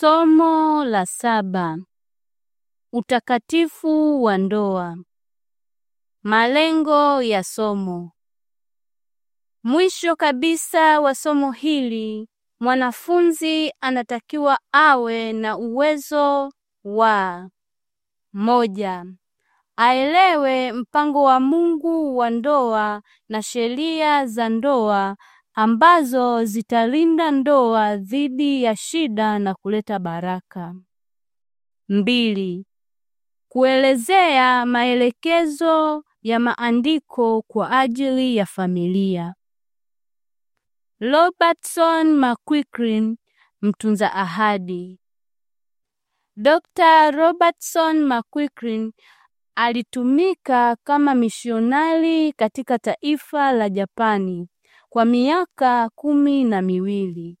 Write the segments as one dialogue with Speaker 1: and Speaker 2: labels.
Speaker 1: Somo la saba: utakatifu wa ndoa. Malengo ya somo. Mwisho kabisa wa somo hili, mwanafunzi anatakiwa awe na uwezo wa moja, aelewe mpango wa Mungu wa ndoa na sheria za ndoa ambazo zitalinda ndoa dhidi ya shida na kuleta baraka. Mbili, kuelezea maelekezo ya maandiko kwa ajili ya familia. Robertson McQuicken, mtunza ahadi. Dr. Robertson McQuicken alitumika kama misionari katika taifa la Japani kwa miaka kumi na miwili.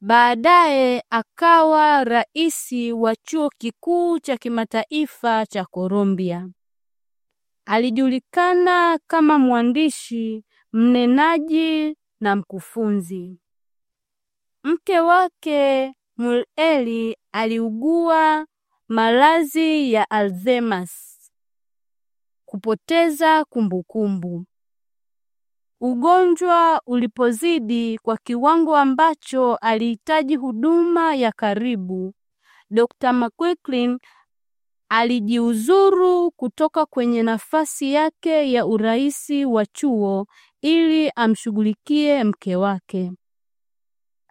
Speaker 1: Baadaye akawa rais wa Chuo Kikuu cha Kimataifa cha colombia Alijulikana kama mwandishi, mnenaji na mkufunzi. Mke wake muleli aliugua malazi ya Alzheimer's, kupoteza kumbukumbu ugonjwa ulipozidi kwa kiwango ambacho alihitaji huduma ya karibu. Dr. McQuilkin alijiuzuru kutoka kwenye nafasi yake ya urais wa chuo ili amshughulikie mke wake.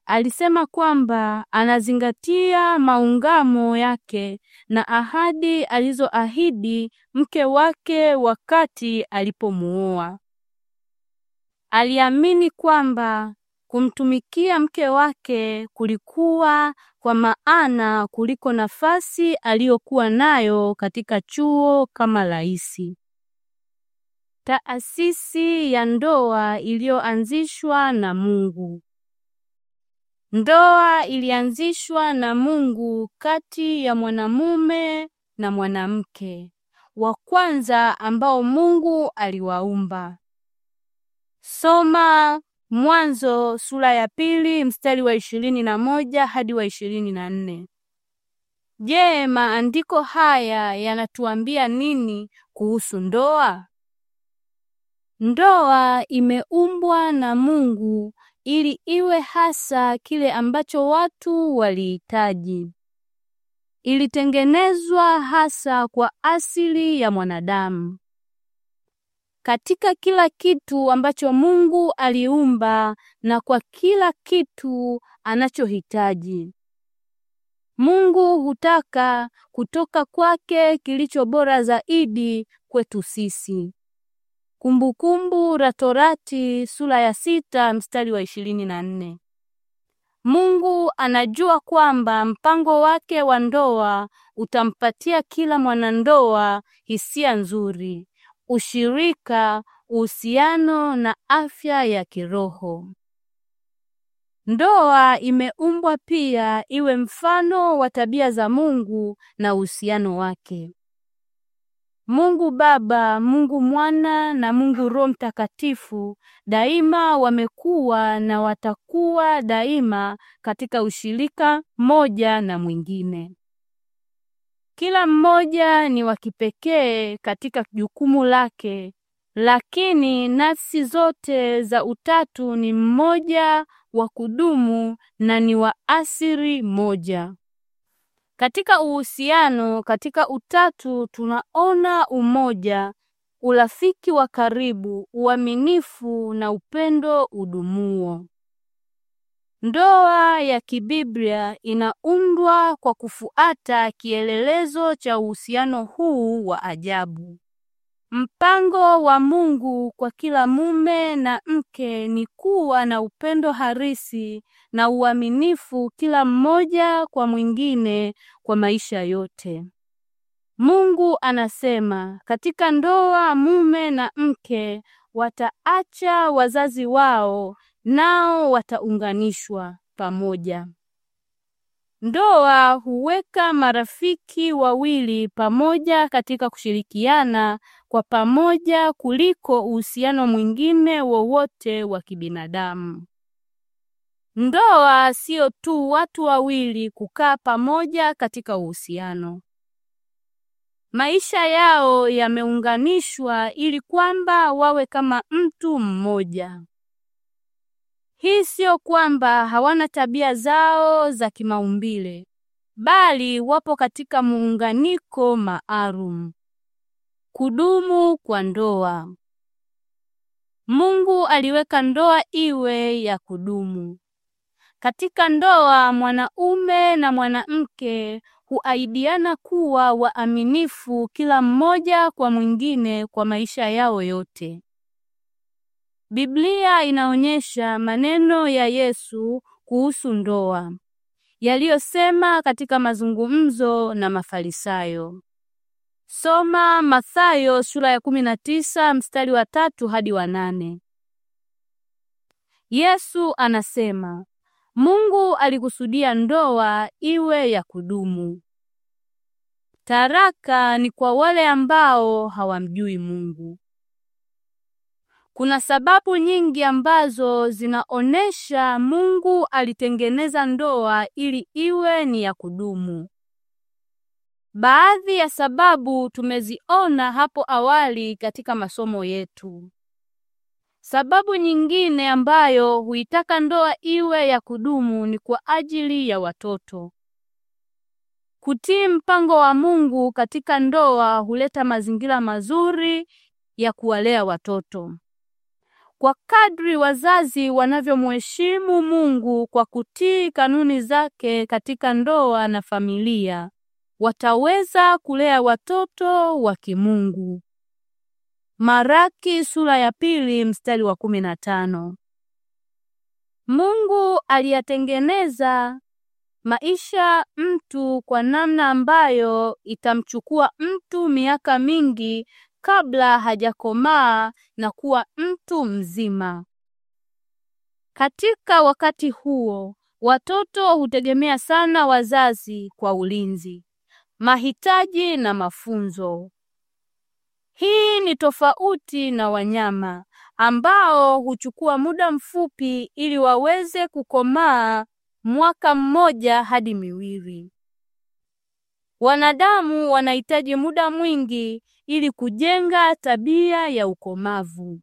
Speaker 1: Alisema kwamba anazingatia maungamo yake na ahadi alizoahidi mke wake wakati alipomuoa aliamini kwamba kumtumikia mke wake kulikuwa kwa maana kuliko nafasi aliyokuwa nayo katika chuo kama rais. Taasisi ya ndoa iliyoanzishwa na Mungu. Ndoa ilianzishwa na Mungu kati ya mwanamume na mwanamke wa kwanza ambao Mungu aliwaumba. Soma Mwanzo sura ya pili mstari wa ishirini na moja hadi wa ishirini na nne. Je, maandiko haya yanatuambia nini kuhusu ndoa? Ndoa imeumbwa na Mungu ili iwe hasa kile ambacho watu walihitaji. Ilitengenezwa hasa kwa asili ya mwanadamu katika kila kitu ambacho Mungu aliumba na kwa kila kitu anachohitaji. Mungu hutaka kutoka kwake kilicho bora zaidi kwetu sisi. Kumbukumbu la Torati sura ya sita mstari wa ishirini na nne. Mungu anajua kwamba mpango wake wa ndoa utampatia kila mwanandoa hisia nzuri ushirika, uhusiano na afya ya kiroho. Ndoa imeumbwa pia iwe mfano wa tabia za Mungu na uhusiano wake. Mungu Baba, Mungu Mwana na Mungu Roho Mtakatifu daima wamekuwa na watakuwa daima katika ushirika moja na mwingine. Kila mmoja ni wa kipekee katika jukumu lake, lakini nafsi zote za utatu ni mmoja wa kudumu na ni wa asili moja. Katika uhusiano, katika utatu tunaona umoja, urafiki wa karibu, uaminifu na upendo udumuo. Ndoa ya kibiblia inaundwa kwa kufuata kielelezo cha uhusiano huu wa ajabu. Mpango wa Mungu kwa kila mume na mke ni kuwa na upendo harisi na uaminifu kila mmoja kwa mwingine kwa maisha yote. Mungu anasema, katika ndoa mume na mke wataacha wazazi wao nao wataunganishwa pamoja. Ndoa huweka marafiki wawili pamoja katika kushirikiana kwa pamoja kuliko uhusiano mwingine wowote wa kibinadamu. Ndoa sio tu watu wawili kukaa pamoja katika uhusiano. Maisha yao yameunganishwa ili kwamba wawe kama mtu mmoja. Hii sio kwamba hawana tabia zao za kimaumbile, bali wapo katika muunganiko maalum. Kudumu kwa ndoa. Mungu aliweka ndoa iwe ya kudumu. Katika ndoa, mwanaume na mwanamke huaidiana kuwa waaminifu kila mmoja kwa mwingine kwa maisha yao yote. Biblia inaonyesha maneno ya Yesu kuhusu ndoa yaliyosema katika mazungumzo na Mafarisayo. Soma Mathayo sura ya 19 mstari wa tatu hadi wa nane. Yesu anasema Mungu alikusudia ndoa iwe ya kudumu. Taraka ni kwa wale ambao hawamjui Mungu. Kuna sababu nyingi ambazo zinaonesha Mungu alitengeneza ndoa ili iwe ni ya kudumu. Baadhi ya sababu tumeziona hapo awali katika masomo yetu. Sababu nyingine ambayo huitaka ndoa iwe ya kudumu ni kwa ajili ya watoto. Kutii mpango wa Mungu katika ndoa huleta mazingira mazuri ya kuwalea watoto kwa kadri wazazi wanavyomheshimu Mungu kwa kutii kanuni zake katika ndoa na familia, wataweza kulea watoto wa kimungu. Maraki sura ya pili mstari wa kumi na tano. Mungu aliyatengeneza maisha mtu kwa namna ambayo itamchukua mtu miaka mingi kabla hajakomaa na kuwa mtu mzima. Katika wakati huo, watoto hutegemea sana wazazi kwa ulinzi, mahitaji na mafunzo. Hii ni tofauti na wanyama ambao huchukua muda mfupi ili waweze kukomaa, mwaka mmoja hadi miwili. Wanadamu wanahitaji muda mwingi ili kujenga tabia ya ukomavu.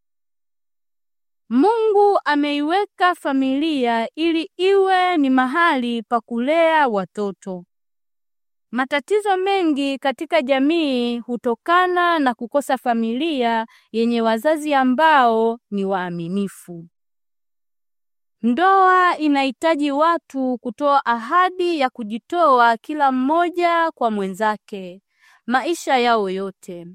Speaker 1: Mungu ameiweka familia ili iwe ni mahali pa kulea watoto. Matatizo mengi katika jamii hutokana na kukosa familia yenye wazazi ambao ni waaminifu. Ndoa inahitaji watu kutoa ahadi ya kujitoa kila mmoja kwa mwenzake maisha yao yote.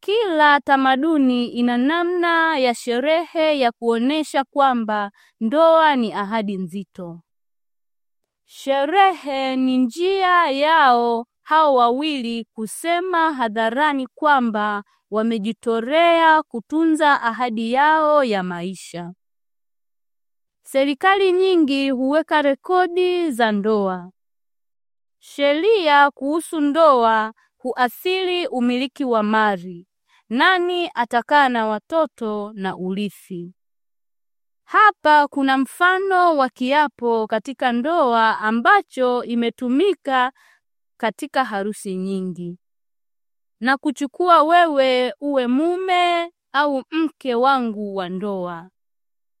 Speaker 1: Kila tamaduni ina namna ya sherehe ya kuonesha kwamba ndoa ni ahadi nzito. Sherehe ni njia yao hao wawili kusema hadharani kwamba wamejitorea kutunza ahadi yao ya maisha. Serikali nyingi huweka rekodi za ndoa. Sheria kuhusu ndoa huathiri umiliki wa mali, nani atakaa na watoto na urithi. Hapa kuna mfano wa kiapo katika ndoa ambacho imetumika katika harusi nyingi. Na kuchukua wewe uwe mume au mke wangu wa ndoa,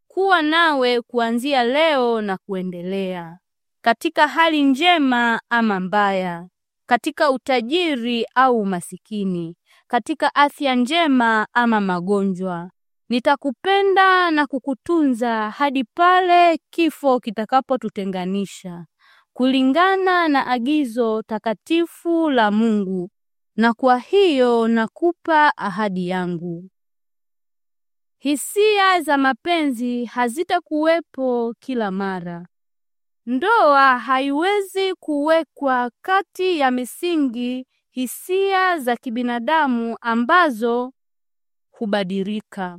Speaker 1: kuwa nawe kuanzia leo na kuendelea, katika hali njema ama mbaya katika utajiri au umasikini, katika afya njema ama magonjwa. Nitakupenda na kukutunza hadi pale kifo kitakapotutenganisha, kulingana na agizo takatifu la Mungu. Na kwa hiyo nakupa ahadi yangu. Hisia za mapenzi hazitakuwepo kila mara. Ndoa haiwezi kuwekwa kati ya misingi hisia za kibinadamu ambazo hubadilika.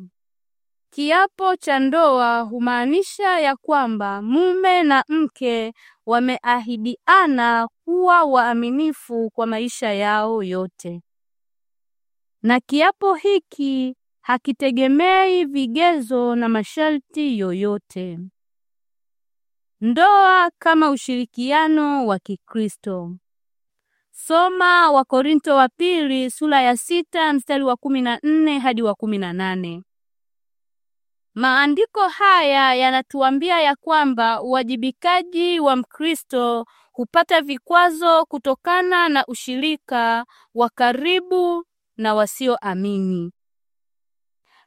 Speaker 1: Kiapo cha ndoa humaanisha ya kwamba mume na mke wameahidiana kuwa waaminifu kwa maisha yao yote. Na kiapo hiki hakitegemei vigezo na masharti yoyote. Ndoa kama ushirikiano wa Kikristo. Soma Wakorinto wa pili sura ya sita mstari wa kumi na nne hadi wa kumi na nane. Maandiko haya yanatuambia ya kwamba uwajibikaji wa Mkristo hupata vikwazo kutokana na ushirika wa karibu na wasioamini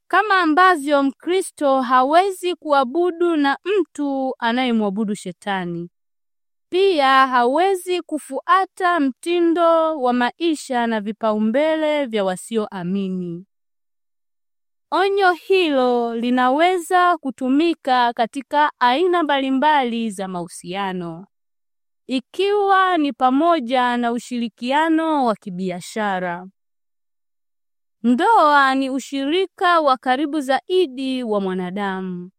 Speaker 1: kama ambavyo Mkristo hawezi kuabudu na mtu anayemwabudu Shetani. Pia hawezi kufuata mtindo wa maisha na vipaumbele vya wasioamini. Onyo hilo linaweza kutumika katika aina mbalimbali za mahusiano, ikiwa ni pamoja na ushirikiano wa kibiashara. Ndoa ni ushirika wa karibu zaidi wa mwanadamu.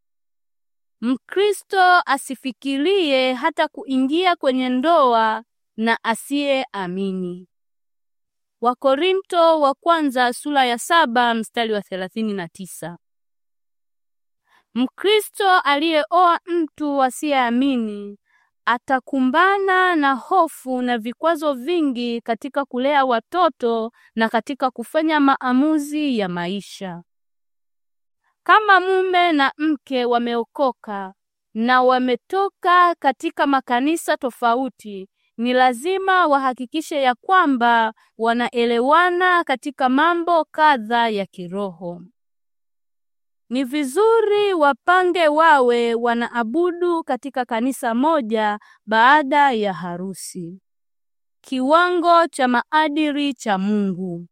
Speaker 1: Mkristo asifikirie hata kuingia kwenye ndoa na asiyeamini. Wakorinto wa kwanza sura ya saba mstari wa thelathini na tisa. Mkristo aliyeoa mtu asiyeamini atakumbana na hofu na vikwazo vingi katika kulea watoto na katika kufanya maamuzi ya maisha. Kama mume na mke wameokoka na wametoka katika makanisa tofauti, ni lazima wahakikishe ya kwamba wanaelewana katika mambo kadha ya kiroho. Ni vizuri wapange wawe wanaabudu katika kanisa moja baada ya harusi. Kiwango cha maadili cha Mungu.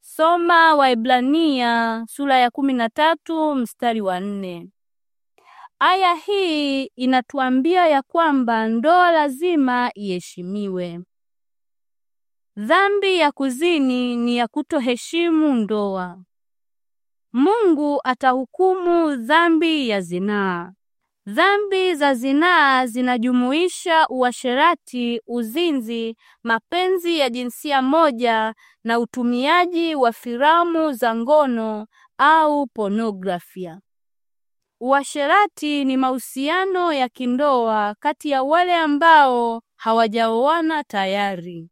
Speaker 1: Soma waibrania sura ya 13 mstari wa nne. Aya hii inatuambia ya kwamba ndoa lazima iheshimiwe. Dhambi ya kuzini ni ya kutoheshimu ndoa. Mungu atahukumu dhambi ya zinaa. Dhambi za zinaa zinajumuisha uasherati, uzinzi, mapenzi ya jinsia moja na utumiaji wa filamu za ngono au pornografia. Uasherati ni mahusiano ya kindoa kati ya wale ambao hawajaoana tayari.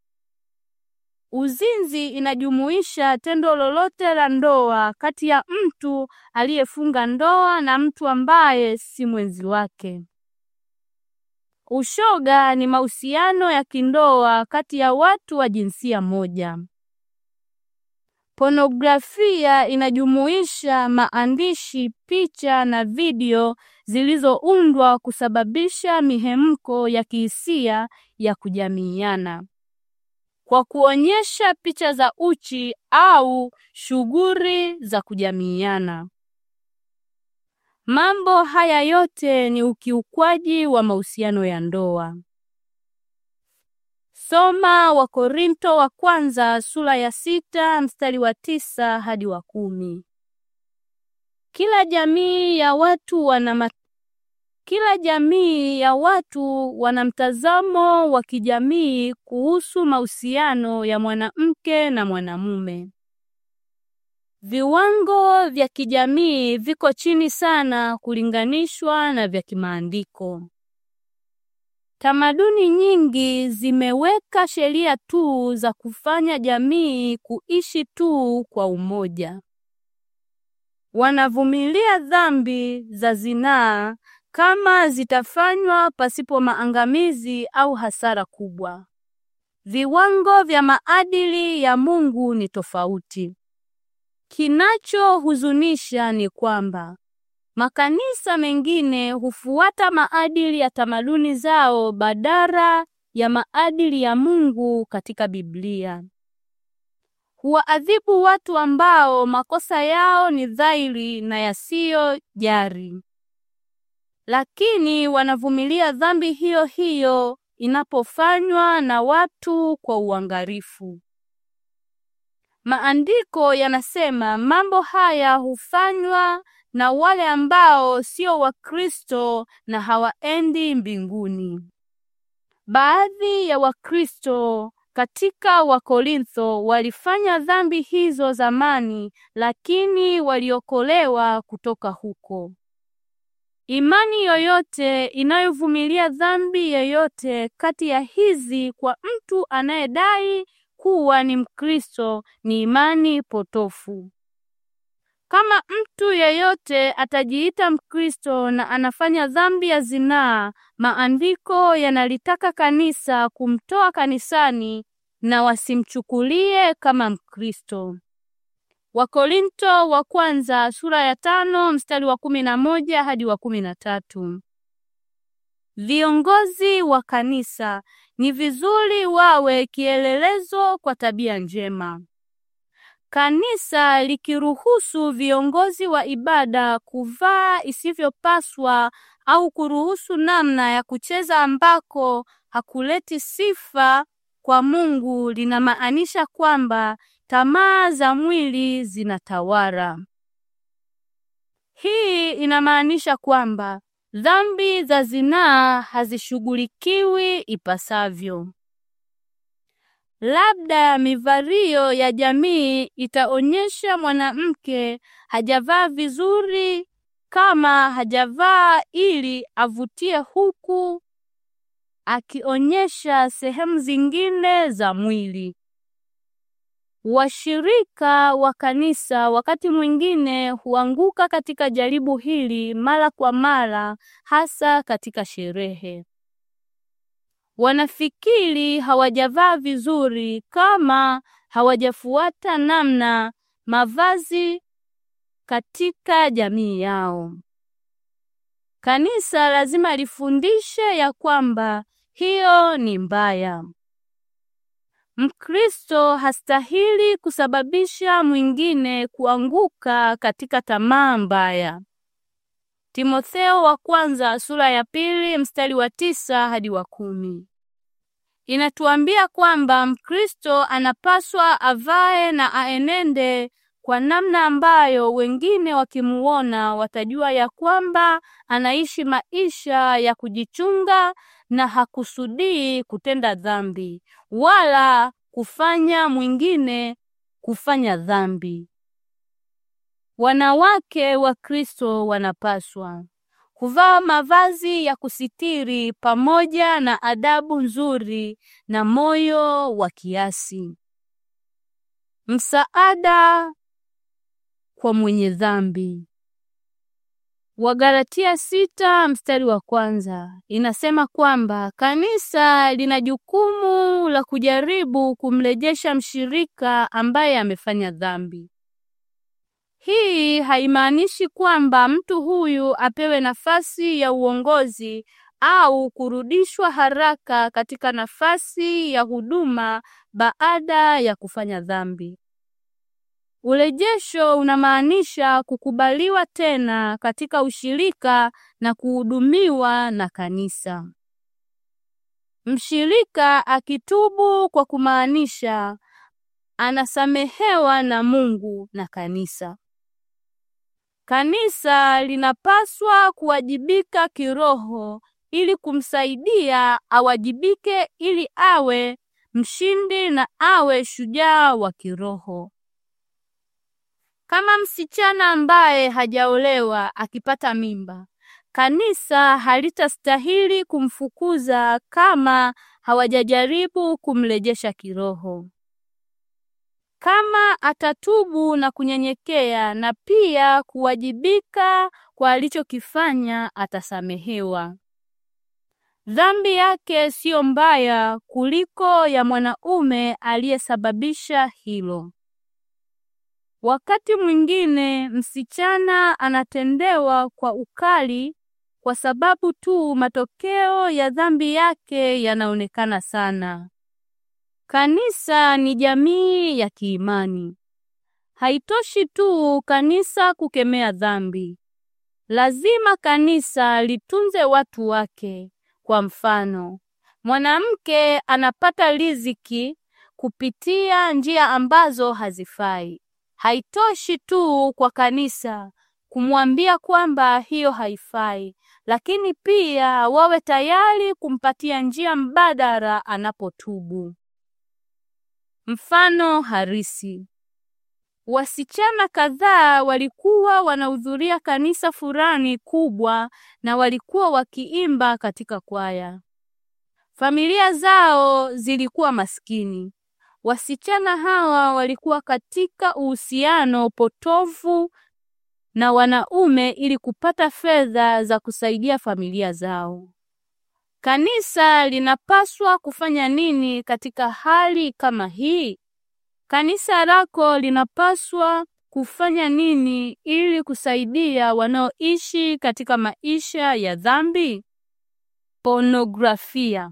Speaker 1: Uzinzi inajumuisha tendo lolote la ndoa kati ya mtu aliyefunga ndoa na mtu ambaye si mwenzi wake. Ushoga ni mahusiano ya kindoa kati ya watu wa jinsia moja. Ponografia inajumuisha maandishi, picha na video zilizoundwa kusababisha mihemko ya kihisia ya kujamiiana kwa kuonyesha picha za uchi au shughuli za kujamiiana. Mambo haya yote ni ukiukwaji wa mahusiano ya ndoa. Soma Wakorinto wa kwanza sura ya sita mstari wa tisa hadi wa kumi. Kila jamii ya watu wana kila jamii ya watu wana mtazamo wa kijamii kuhusu mahusiano ya mwanamke na mwanamume. Viwango vya kijamii viko chini sana kulinganishwa na vya kimaandiko. Tamaduni nyingi zimeweka sheria tu za kufanya jamii kuishi tu kwa umoja. Wanavumilia dhambi za zinaa kama zitafanywa pasipo maangamizi au hasara kubwa. Viwango vya maadili ya Mungu ni tofauti. Kinachohuzunisha ni kwamba makanisa mengine hufuata maadili ya tamaduni zao badala ya maadili ya Mungu katika Biblia. Huwaadhibu watu ambao makosa yao ni dhahiri na yasiyo jari lakini wanavumilia dhambi hiyo hiyo inapofanywa na watu kwa uangalifu. Maandiko yanasema mambo haya hufanywa na wale ambao sio Wakristo na hawaendi mbinguni. Baadhi ya Wakristo katika Wakorintho walifanya dhambi hizo zamani, lakini waliokolewa kutoka huko. Imani yoyote inayovumilia dhambi yoyote kati ya hizi kwa mtu anayedai kuwa ni Mkristo ni imani potofu. Kama mtu yeyote atajiita Mkristo na anafanya dhambi ya zinaa, maandiko yanalitaka kanisa kumtoa kanisani na wasimchukulie kama Mkristo. Wakorinto wa kwanza sura ya tano mstari wa kumi na moja hadi wa kumi na tatu. Viongozi wa kanisa ni vizuri wawe kielelezo kwa tabia njema. Kanisa likiruhusu viongozi wa ibada kuvaa isivyopaswa au kuruhusu namna ya kucheza ambako hakuleti sifa kwa Mungu linamaanisha kwamba Tamaa za mwili zinatawala. Hii inamaanisha kwamba dhambi za zinaa hazishughulikiwi ipasavyo. Labda mivario ya jamii itaonyesha mwanamke hajavaa vizuri kama hajavaa ili avutie, huku akionyesha sehemu zingine za mwili. Washirika wa kanisa wakati mwingine huanguka katika jaribu hili mara kwa mara, hasa katika sherehe. Wanafikiri hawajavaa vizuri kama hawajafuata namna mavazi katika jamii yao. Kanisa lazima lifundishe ya kwamba hiyo ni mbaya. Mkristo hastahili kusababisha mwingine kuanguka katika tamaa mbaya. Timotheo wa kwanza sura ya pili mstari wa tisa hadi wa kumi inatuambia kwamba Mkristo anapaswa avae na aenende kwa namna ambayo wengine wakimuona watajua ya kwamba anaishi maisha ya kujichunga na hakusudii kutenda dhambi wala kufanya mwingine kufanya dhambi. Wanawake wa Kristo wanapaswa kuvaa mavazi ya kusitiri pamoja na adabu nzuri na moyo wa kiasi. Msaada kwa mwenye dhambi. Wagalatia sita mstari wa kwanza inasema kwamba kanisa lina jukumu la kujaribu kumrejesha mshirika ambaye amefanya dhambi. Hii haimaanishi kwamba mtu huyu apewe nafasi ya uongozi au kurudishwa haraka katika nafasi ya huduma baada ya kufanya dhambi. Urejesho unamaanisha kukubaliwa tena katika ushirika na kuhudumiwa na kanisa. Mshirika akitubu kwa kumaanisha anasamehewa na Mungu na kanisa. Kanisa linapaswa kuwajibika kiroho ili kumsaidia awajibike ili awe mshindi na awe shujaa wa kiroho. Kama msichana ambaye hajaolewa akipata mimba, kanisa halitastahili kumfukuza kama hawajajaribu kumrejesha kiroho. Kama atatubu na kunyenyekea na pia kuwajibika kwa alichokifanya, atasamehewa. Dhambi yake siyo mbaya kuliko ya mwanaume aliyesababisha hilo. Wakati mwingine msichana anatendewa kwa ukali kwa sababu tu matokeo ya dhambi yake yanaonekana sana. Kanisa ni jamii ya kiimani. Haitoshi tu kanisa kukemea dhambi. Lazima kanisa litunze watu wake. Kwa mfano, mwanamke anapata riziki kupitia njia ambazo hazifai. Haitoshi tu kwa kanisa kumwambia kwamba hiyo haifai, lakini pia wawe tayari kumpatia njia mbadala anapotubu. Mfano harisi: wasichana kadhaa walikuwa wanahudhuria kanisa fulani kubwa na walikuwa wakiimba katika kwaya. Familia zao zilikuwa maskini, Wasichana hawa walikuwa katika uhusiano potovu na wanaume ili kupata fedha za kusaidia familia zao. Kanisa linapaswa kufanya nini katika hali kama hii? Kanisa lako linapaswa kufanya nini ili kusaidia wanaoishi katika maisha ya dhambi? Pornografia.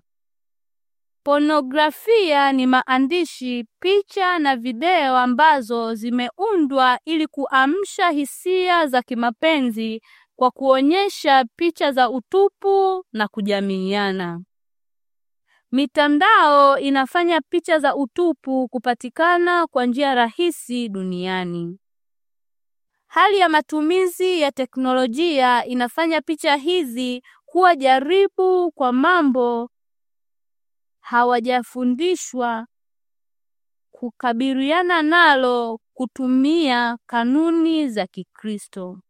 Speaker 1: Ponografia ni maandishi, picha na video ambazo zimeundwa ili kuamsha hisia za kimapenzi kwa kuonyesha picha za utupu na kujamiiana. Mitandao inafanya picha za utupu kupatikana kwa njia rahisi duniani. Hali ya matumizi ya teknolojia inafanya picha hizi kuwa jaribu kwa mambo hawajafundishwa kukabiliana nalo kutumia kanuni za Kikristo.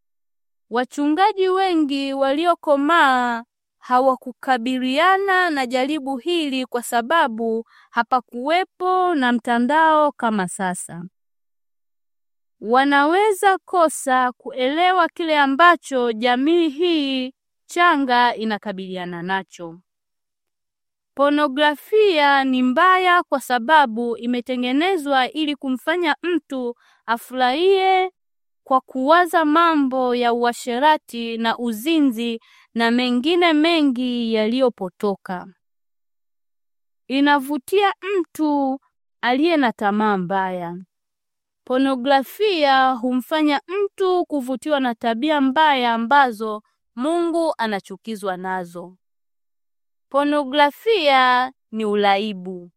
Speaker 1: Wachungaji wengi waliokomaa hawakukabiliana na jaribu hili kwa sababu hapakuwepo na mtandao kama sasa. Wanaweza kosa kuelewa kile ambacho jamii hii changa inakabiliana nacho. Pornografia ni mbaya kwa sababu imetengenezwa ili kumfanya mtu afurahie kwa kuwaza mambo ya uasherati na uzinzi na mengine mengi yaliyopotoka. Inavutia mtu aliye na tamaa mbaya. Pornografia humfanya mtu kuvutiwa na tabia mbaya ambazo Mungu anachukizwa nazo. Ponografia ni ulaibu.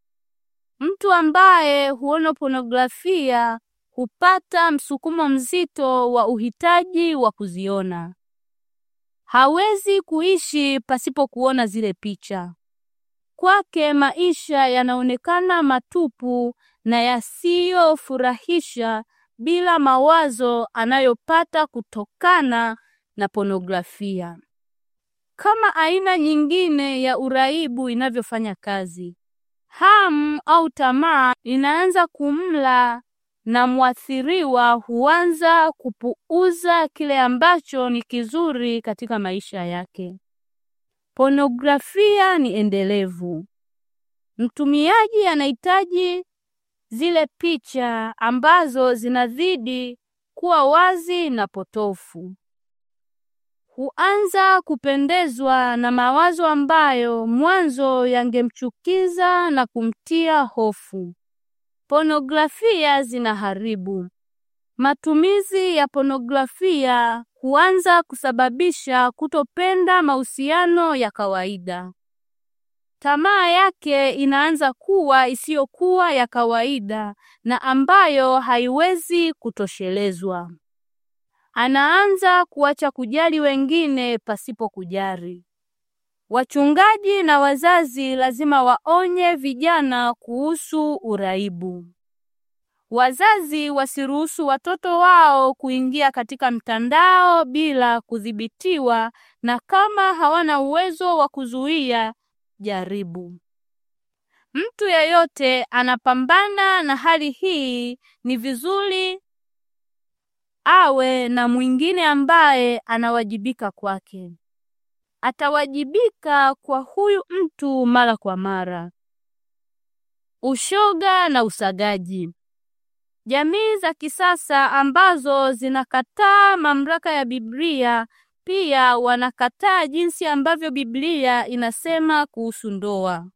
Speaker 1: Mtu ambaye huona ponografia hupata msukumo mzito wa uhitaji wa kuziona. Hawezi kuishi pasipo kuona zile picha. Kwake maisha yanaonekana matupu na yasiyofurahisha bila mawazo anayopata kutokana na ponografia. Kama aina nyingine ya uraibu inavyofanya kazi, hamu au tamaa inaanza kumla na mwathiriwa huanza kupuuza kile ambacho ni kizuri katika maisha yake. Ponografia ni endelevu. Mtumiaji anahitaji zile picha ambazo zinazidi kuwa wazi na potofu huanza kupendezwa na mawazo ambayo mwanzo yangemchukiza na kumtia hofu. Ponografia zinaharibu. Matumizi ya ponografia huanza kusababisha kutopenda mahusiano ya kawaida. Tamaa yake inaanza kuwa isiyokuwa ya kawaida na ambayo haiwezi kutoshelezwa anaanza kuacha kujali wengine pasipo kujali. Wachungaji na wazazi lazima waonye vijana kuhusu uraibu. Wazazi wasiruhusu watoto wao kuingia katika mtandao bila kudhibitiwa, na kama hawana uwezo wa kuzuia, jaribu. Mtu yeyote anapambana na hali hii, ni vizuri awe na mwingine ambaye anawajibika kwake. Atawajibika kwa huyu mtu mara kwa mara. Ushoga na usagaji. Jamii za kisasa ambazo zinakataa mamlaka ya Biblia pia wanakataa jinsi ambavyo Biblia inasema kuhusu ndoa.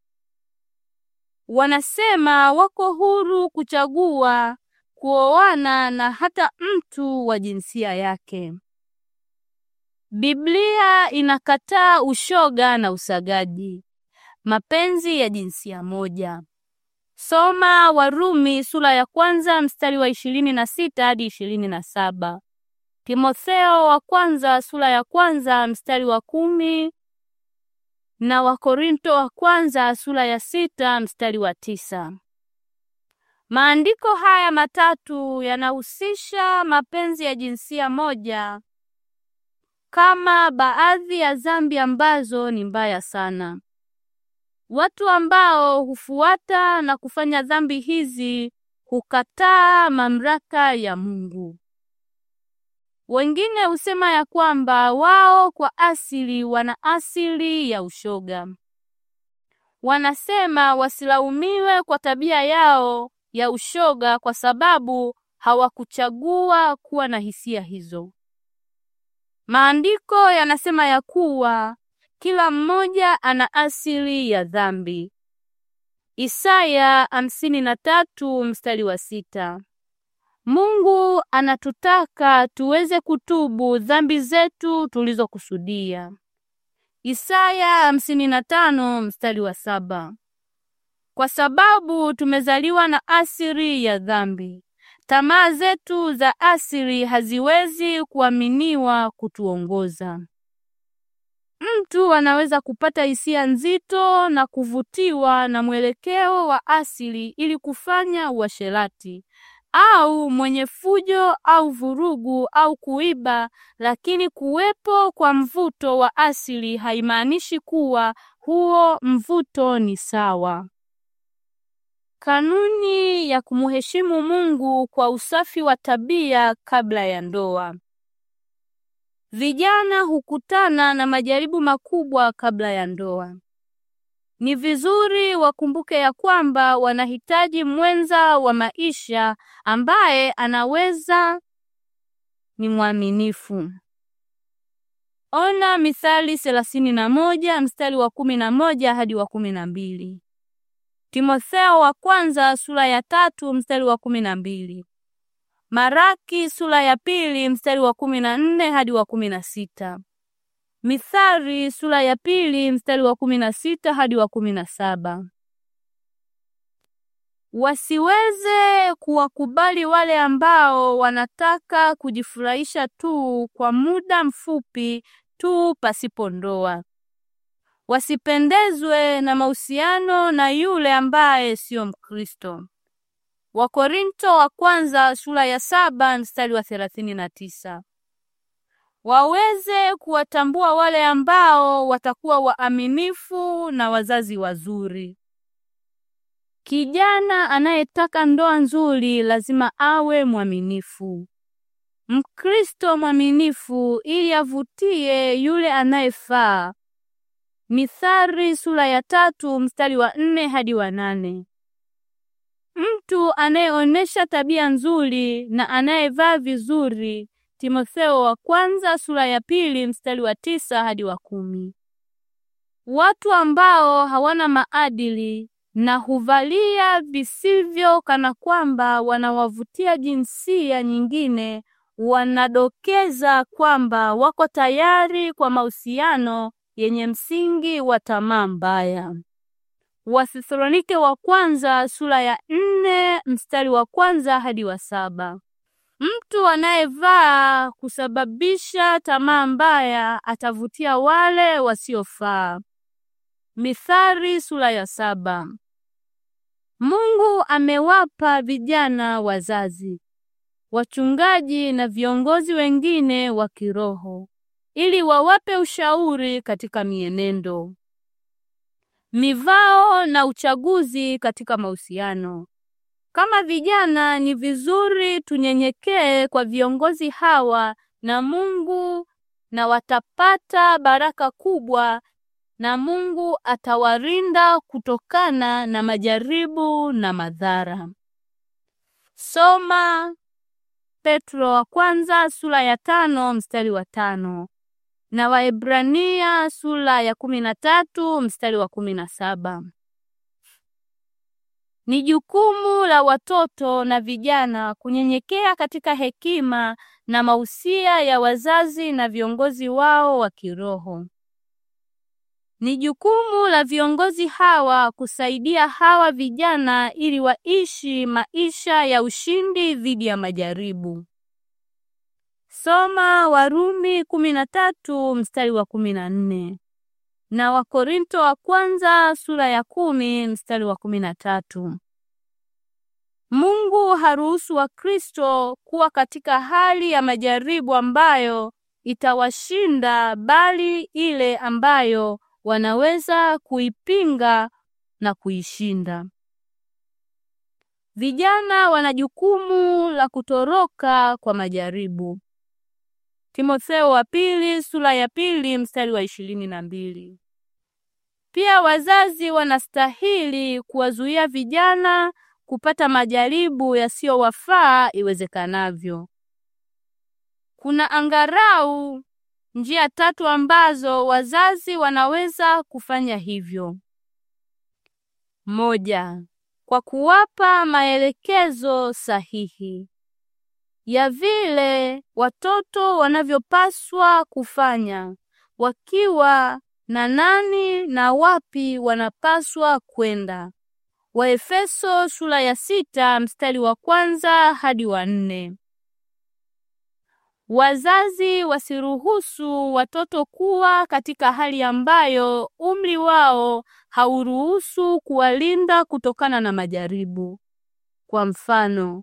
Speaker 1: Wanasema wako huru kuchagua kuoana na hata mtu wa jinsia yake. Biblia inakataa ushoga na usagaji, mapenzi ya jinsia moja. Soma Warumi sura ya kwanza mstari wa ishirini na sita hadi ishirini na saba Timotheo wa kwanza sura ya kwanza mstari wa kumi na Wakorinto wa kwanza sura ya sita mstari wa tisa. Maandiko haya matatu yanahusisha mapenzi ya jinsia moja kama baadhi ya dhambi ambazo ni mbaya sana. Watu ambao hufuata na kufanya dhambi hizi hukataa mamlaka ya Mungu. Wengine husema ya kwamba wao kwa asili wana asili ya ushoga. Wanasema wasilaumiwe kwa tabia yao ya ushoga kwa sababu hawakuchagua kuwa na hisia hizo. Maandiko yanasema ya kuwa kila mmoja ana asili ya dhambi. Isaya hamsini na tatu mstari wa sita. Mungu anatutaka tuweze kutubu dhambi zetu tulizokusudia. Isaya hamsini na tano mstari wa saba kwa sababu tumezaliwa na asili ya dhambi. Tamaa zetu za asili haziwezi kuaminiwa kutuongoza. Mtu anaweza kupata hisia nzito na kuvutiwa na mwelekeo wa asili ili kufanya uasherati au mwenye fujo au vurugu au kuiba, lakini kuwepo kwa mvuto wa asili haimaanishi kuwa huo mvuto ni sawa kanuni ya kumheshimu Mungu kwa usafi wa tabia kabla ya ndoa. Vijana hukutana na majaribu makubwa kabla ya ndoa. Ni vizuri wakumbuke ya kwamba wanahitaji mwenza wa maisha ambaye anaweza ni mwaminifu. Ona Mithali 31 na mstari wa kumi na moja hadi wa kumi na mbili. Timotheo wa kwanza sura ya tatu mstari wa kumi na mbili. Maraki sura ya pili mstari wa kumi na nne hadi wa kumi na sita. Mithali sura ya pili mstari wa kumi na sita hadi wa kumi na saba. Wasiweze kuwakubali wale ambao wanataka kujifurahisha tu kwa muda mfupi tu pasipo ndoa wasipendezwe na mahusiano na yule ambaye siyo Mkristo. Wakorinto wa kwanza sura ya saba mstari wa thelathini na tisa. Waweze kuwatambua wale ambao watakuwa waaminifu na wazazi wazuri. Kijana anayetaka ndoa nzuri lazima awe mwaminifu. Mkristo mwaminifu ili avutie yule anayefaa Mithali sura ya tatu mstari wa nne hadi wa nane. Mtu anayeonesha tabia nzuri na anayevaa vizuri. Timotheo wa kwanza sura ya pili mstari wa tisa hadi wa kumi. Watu ambao hawana maadili na huvalia visivyo kana kwamba wanawavutia jinsia nyingine wanadokeza kwamba wako tayari kwa mahusiano yenye msingi wa tamaa mbaya. Wathesalonike wa kwanza sura ya nne mstari wa kwanza hadi wa saba. Mtu anayevaa kusababisha tamaa mbaya atavutia wale wasiofaa. Mithali sura ya saba. Mungu amewapa vijana wazazi, wachungaji na viongozi wengine wa kiroho ili wawape ushauri katika mienendo, mivao na uchaguzi katika mahusiano. Kama vijana, ni vizuri tunyenyekee kwa viongozi hawa na Mungu, na watapata baraka kubwa na Mungu atawarinda kutokana na majaribu na madhara. Soma Petro wa kwanza sura ya tano mstari wa tano na Waebrania sura ya kumi na tatu mstari wa kumi na saba. Ni jukumu la watoto na vijana kunyenyekea katika hekima na mausia ya wazazi na viongozi wao wa kiroho. Ni jukumu la viongozi hawa kusaidia hawa vijana ili waishi maisha ya ushindi dhidi ya majaribu. Soma Warumi kumi tatu mstari wa na nne na Wakorinto wa kwanza sura ya kumi mstari wa tatu. Mungu haruhusu Wakristo kuwa katika hali ya majaribu ambayo itawashinda bali ile ambayo wanaweza kuipinga na kuishinda. Vijana wana jukumu la kutoroka kwa majaribu. Timotheo wa pili sura ya pili mstari wa ishirini na mbili. Pia wazazi wanastahili kuwazuia vijana kupata majaribu yasiyowafaa iwezekanavyo. Kuna angarau njia tatu ambazo wazazi wanaweza kufanya hivyo. Moja, kwa kuwapa maelekezo sahihi ya vile watoto wanavyopaswa kufanya wakiwa na nani na wapi wanapaswa kwenda. Waefeso sura ya sita mstari wa kwanza hadi wa nne. Wazazi wasiruhusu watoto kuwa katika hali ambayo umri wao hauruhusu kuwalinda kutokana na majaribu. Kwa mfano,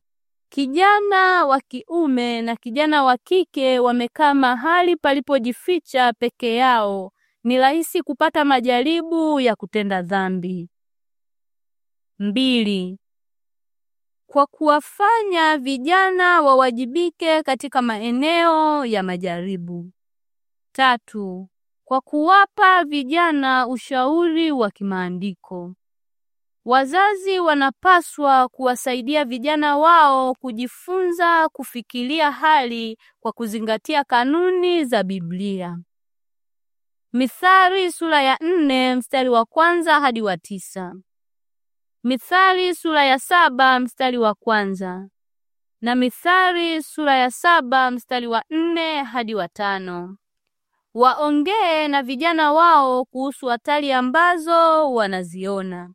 Speaker 1: Kijana wa kiume na kijana wa kike wamekaa mahali palipojificha peke yao. Ni rahisi kupata majaribu ya kutenda dhambi. Mbili, kwa kuwafanya vijana wawajibike katika maeneo ya majaribu. Tatu, kwa kuwapa vijana ushauri wa kimaandiko. Wazazi wanapaswa kuwasaidia vijana wao kujifunza kufikiria hali kwa kuzingatia kanuni za Biblia. Mithali sura ya nne mstari wa kwanza hadi wa tisa. Mithali sura ya saba mstari wa kwanza na Mithali sura ya saba mstari wa nne hadi wa tano. Waongee na vijana wao kuhusu hatari ambazo wanaziona.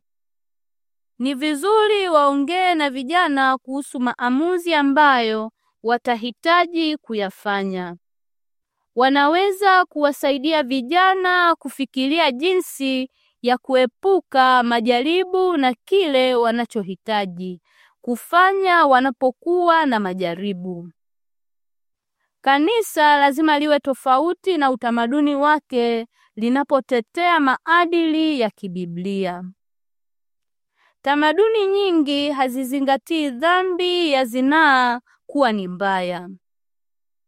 Speaker 1: Ni vizuri waongee na vijana kuhusu maamuzi ambayo watahitaji kuyafanya. Wanaweza kuwasaidia vijana kufikiria jinsi ya kuepuka majaribu na kile wanachohitaji kufanya wanapokuwa na majaribu. Kanisa lazima liwe tofauti na utamaduni wake linapotetea maadili ya kibiblia. Tamaduni nyingi hazizingatii dhambi ya zinaa kuwa ni mbaya.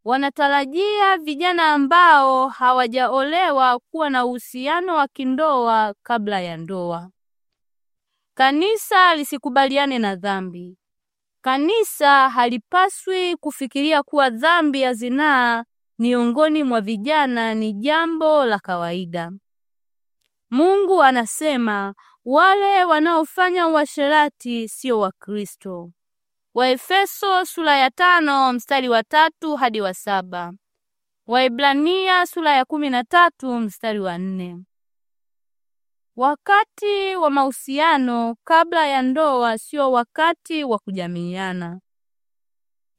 Speaker 1: Wanatarajia vijana ambao hawajaolewa kuwa na uhusiano wa kindoa kabla ya ndoa. Kanisa lisikubaliane na dhambi. Kanisa halipaswi kufikiria kuwa dhambi ya zinaa miongoni mwa vijana ni jambo la kawaida. Mungu anasema wale wanaofanya uasherati sio Wakristo. Waefeso sura ya tano mstari wa tatu hadi wa saba. Waibrania sura ya kumi na tatu mstari wa nne. Wakati wa mahusiano kabla ya ndoa sio wakati wa kujamiiana.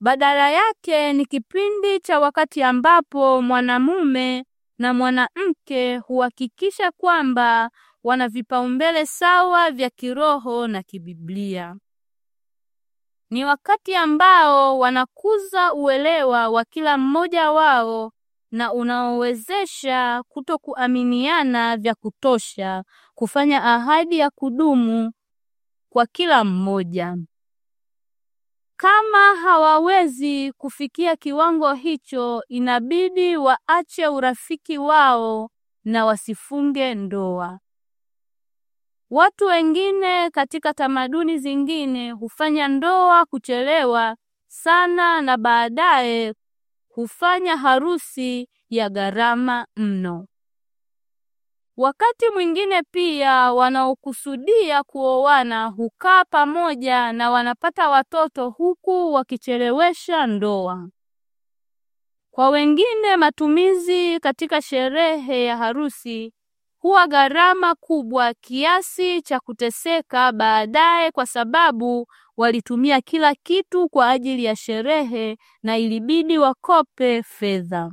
Speaker 1: Badala yake ni kipindi cha wakati ambapo mwanamume na mwanamke huhakikisha kwamba wana vipaumbele sawa vya kiroho na kibiblia. Ni wakati ambao wanakuza uelewa wa kila mmoja wao na unaowezesha kutokuaminiana vya kutosha kufanya ahadi ya kudumu kwa kila mmoja. Kama hawawezi kufikia kiwango hicho, inabidi waache urafiki wao na wasifunge ndoa. Watu wengine katika tamaduni zingine hufanya ndoa kuchelewa sana na baadaye hufanya harusi ya gharama mno. Wakati mwingine pia wanaokusudia kuoana hukaa pamoja na wanapata watoto huku wakichelewesha ndoa. Kwa wengine matumizi katika sherehe ya harusi huwa gharama kubwa kiasi cha kuteseka baadaye kwa sababu walitumia kila kitu kwa ajili ya sherehe na ilibidi wakope fedha.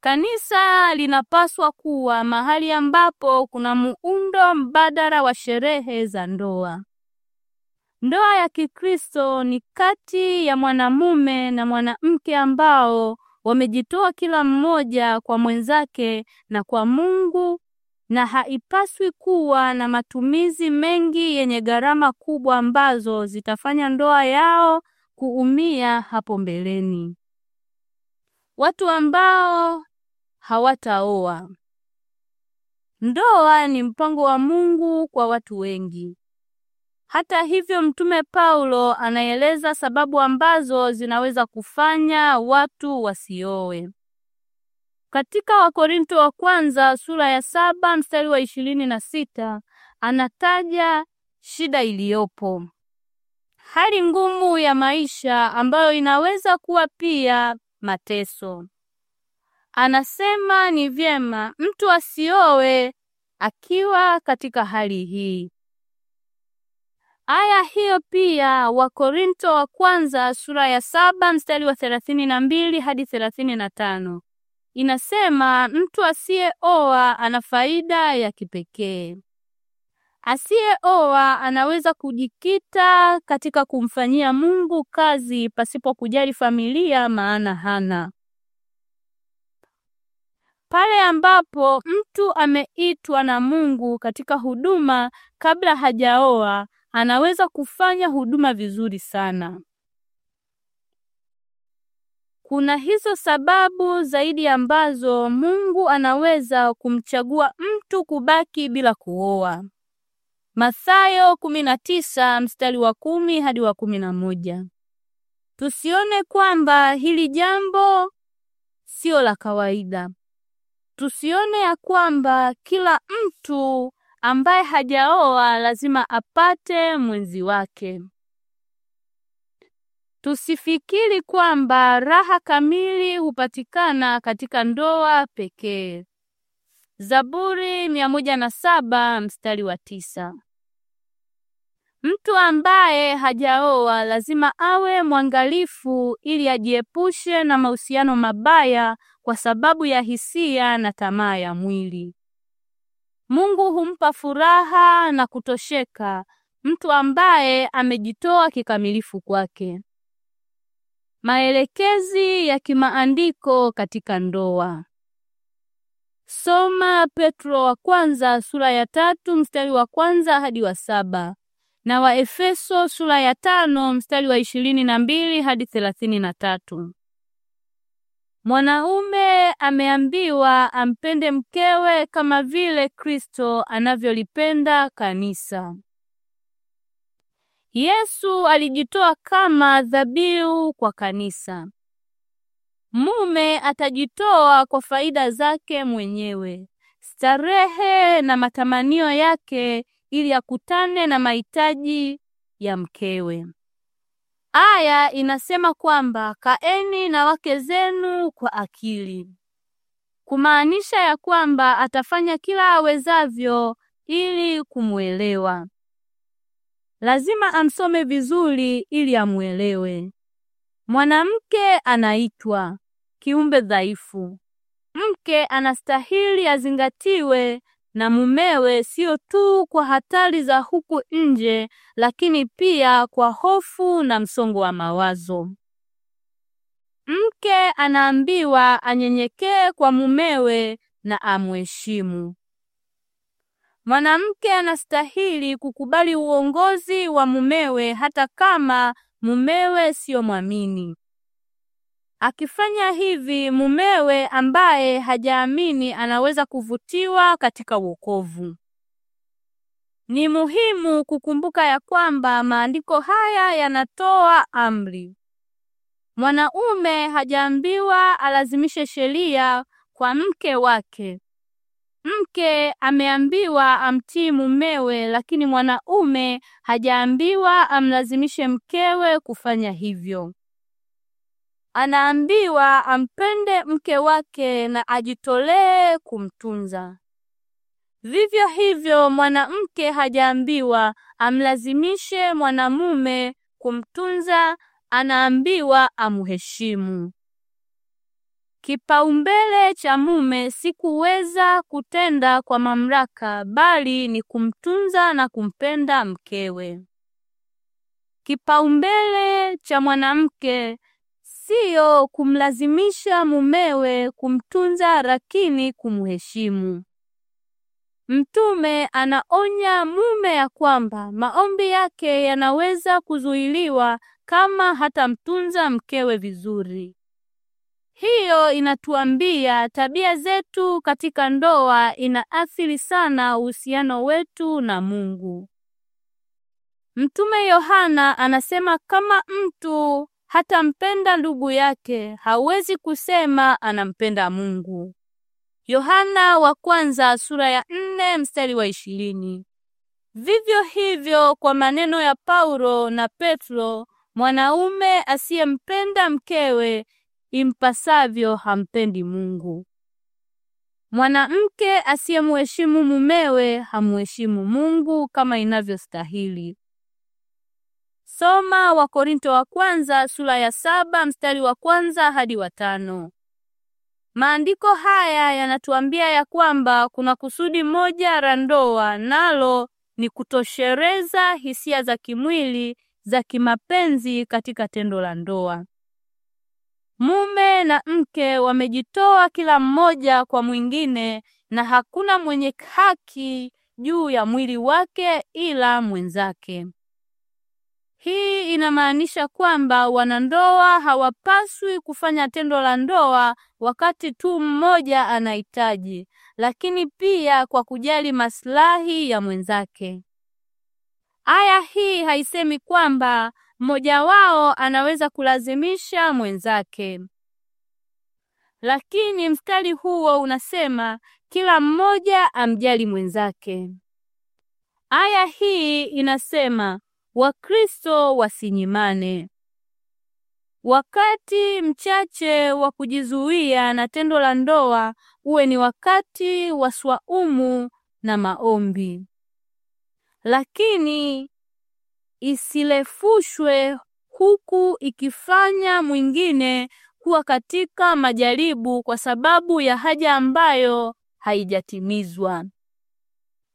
Speaker 1: Kanisa linapaswa kuwa mahali ambapo kuna muundo mbadala wa sherehe za ndoa. Ndoa ya Kikristo ni kati ya mwanamume na mwanamke ambao wamejitoa kila mmoja kwa mwenzake na kwa Mungu, na haipaswi kuwa na matumizi mengi yenye gharama kubwa ambazo zitafanya ndoa yao kuumia hapo mbeleni. Watu ambao hawataoa. Ndoa ni mpango wa Mungu kwa watu wengi. Hata hivyo, Mtume Paulo anaeleza sababu ambazo zinaweza kufanya watu wasioe. Katika Wakorinto wa kwanza sura ya saba mstari wa ishirini na sita anataja shida iliyopo, hali ngumu ya maisha ambayo inaweza kuwa pia mateso. Anasema ni vyema mtu asioe akiwa katika hali hii. Aya hiyo pia Wakorintho wa kwanza sura ya saba mstari wa thelathini na mbili hadi na tano inasema mtu asiyeoa ana faida ya kipekee. Asiyeoa anaweza kujikita katika kumfanyia Mungu kazi pasipo kujali familia, maana hana pale ambapo mtu ameitwa na Mungu katika huduma kabla hajaoa anaweza kufanya huduma vizuri sana. Kuna hizo sababu zaidi ambazo Mungu anaweza kumchagua mtu kubaki bila kuoa. Mathayo 19 mstari wa kumi hadi wa kumi na moja. Tusione kwamba hili jambo sio la kawaida. Tusione ya kwamba kila mtu ambaye hajaoa lazima apate mwenzi wake. Tusifikiri kwamba raha kamili hupatikana katika ndoa pekee. Zaburi mia saba mstari wa tisa. Mtu ambaye hajaoa lazima awe mwangalifu ili ajiepushe na mahusiano mabaya kwa sababu ya hisia na tamaa ya mwili. Mungu humpa furaha na kutosheka mtu ambaye amejitoa kikamilifu kwake. Maelekezi ya kimaandiko katika ndoa. Soma Petro wa kwanza sura ya tatu mstari wa kwanza hadi wa saba na Waefeso sura ya tano mstari wa ishirini na mbili hadi thelathini na tatu. Mwanaume ameambiwa ampende mkewe kama vile Kristo anavyolipenda kanisa. Yesu alijitoa kama dhabihu kwa kanisa. Mume atajitoa kwa faida zake mwenyewe, starehe na matamanio yake ili akutane na mahitaji ya mkewe. Aya inasema kwamba kaeni na wake zenu kwa akili, kumaanisha ya kwamba atafanya kila awezavyo ili kumwelewa. Lazima amsome vizuri ili amwelewe. Mwanamke anaitwa kiumbe dhaifu. Mke anastahili azingatiwe na mumewe, sio tu kwa hatari za huku nje, lakini pia kwa hofu na msongo wa mawazo. Mke anaambiwa anyenyekee kwa mumewe na amheshimu. Mwanamke anastahili kukubali uongozi wa mumewe hata kama mumewe sio mwamini. Akifanya hivi, mumewe ambaye hajaamini anaweza kuvutiwa katika wokovu. Ni muhimu kukumbuka ya kwamba maandiko haya yanatoa amri. Mwanaume hajaambiwa alazimishe sheria kwa mke wake. Mke ameambiwa amtii mumewe, lakini mwanaume hajaambiwa amlazimishe mkewe kufanya hivyo anaambiwa ampende mke wake na ajitolee kumtunza. Vivyo hivyo mwanamke hajaambiwa amlazimishe mwanamume kumtunza, anaambiwa amheshimu. Kipaumbele cha mume si kuweza kutenda kwa mamlaka, bali ni kumtunza na kumpenda mkewe. Kipaumbele cha mwanamke sio kumlazimisha mumewe kumtunza lakini kumheshimu. Mtume anaonya mume ya kwamba maombi yake yanaweza kuzuiliwa kama hatamtunza mkewe vizuri. Hiyo inatuambia tabia zetu katika ndoa inaathiri sana uhusiano wetu na Mungu. Mtume Yohana anasema kama mtu hatampenda ndugu yake, hawezi kusema anampenda Mungu. Yohana wa kwanza sura ya nne mstari wa ishirini. Vivyo hivyo kwa maneno ya Paulo na Petro, mwanaume asiyempenda mkewe impasavyo hampendi Mungu. Mwanamke asiyemheshimu mumewe hamheshimu Mungu kama inavyostahili. Soma Wakorinto wa kwanza sura ya saba mstari wa kwanza hadi wa tano. Maandiko haya yanatuambia ya kwamba kuna kusudi moja la ndoa, nalo ni kutoshereza hisia za kimwili za kimapenzi katika tendo la ndoa. Mume na mke wamejitoa kila mmoja kwa mwingine, na hakuna mwenye haki juu ya mwili wake ila mwenzake. Hii inamaanisha kwamba wanandoa hawapaswi kufanya tendo la ndoa wakati tu mmoja anahitaji, lakini pia kwa kujali maslahi ya mwenzake. Aya hii haisemi kwamba mmoja wao anaweza kulazimisha mwenzake. Lakini mstari huo unasema kila mmoja amjali mwenzake. Aya hii inasema Wakristo wasinyimane. Wakati mchache wa kujizuia na tendo la ndoa uwe ni wakati wa swaumu na maombi, lakini isirefushwe huku ikifanya mwingine kuwa katika majaribu kwa sababu ya haja ambayo haijatimizwa.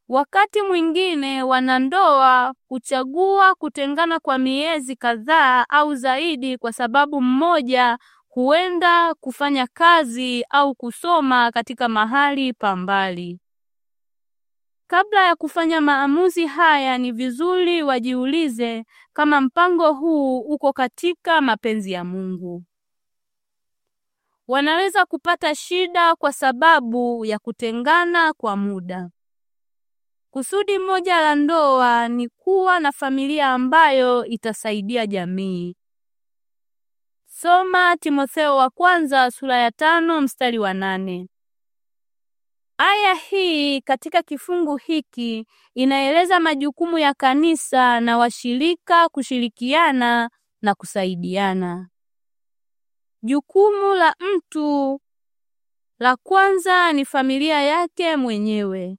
Speaker 1: Wakati mwingine wanandoa huchagua kutengana kwa miezi kadhaa au zaidi kwa sababu mmoja huenda kufanya kazi au kusoma katika mahali pa mbali. Kabla ya kufanya maamuzi haya ni vizuri wajiulize kama mpango huu uko katika mapenzi ya Mungu. Wanaweza kupata shida kwa sababu ya kutengana kwa muda. Kusudi moja la ndoa ni kuwa na familia ambayo itasaidia jamii. Soma Timotheo wa kwanza sura ya tano mstari wa nane. Aya hii katika kifungu hiki inaeleza majukumu ya kanisa na washirika kushirikiana na kusaidiana. Jukumu la mtu la kwanza ni familia yake mwenyewe.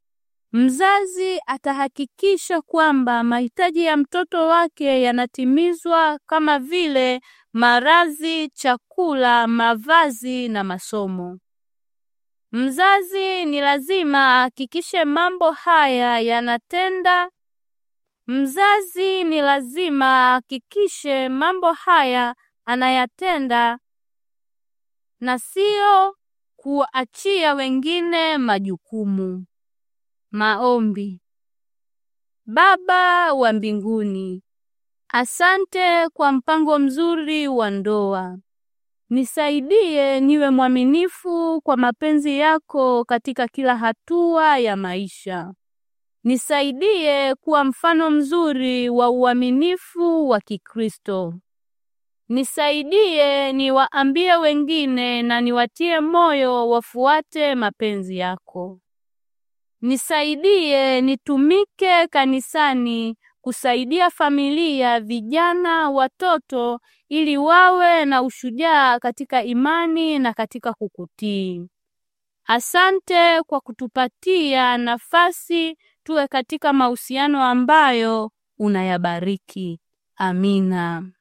Speaker 1: Mzazi atahakikisha kwamba mahitaji ya mtoto wake yanatimizwa kama vile maradhi, chakula, mavazi na masomo. Mzazi ni lazima ahakikishe mambo haya yanatenda. Mzazi ni lazima ahakikishe mambo haya anayatenda na sio kuachia wengine majukumu. Maombi. Baba wa mbinguni, asante kwa mpango mzuri wa ndoa. Nisaidie niwe mwaminifu kwa mapenzi yako katika kila hatua ya maisha. Nisaidie kuwa mfano mzuri wa uaminifu wa Kikristo. Nisaidie niwaambie wengine na niwatie moyo wafuate mapenzi yako. Nisaidie nitumike kanisani kusaidia familia, vijana, watoto ili wawe na ushujaa katika imani na katika kukutii. Asante kwa kutupatia nafasi tuwe katika mahusiano ambayo unayabariki. Amina.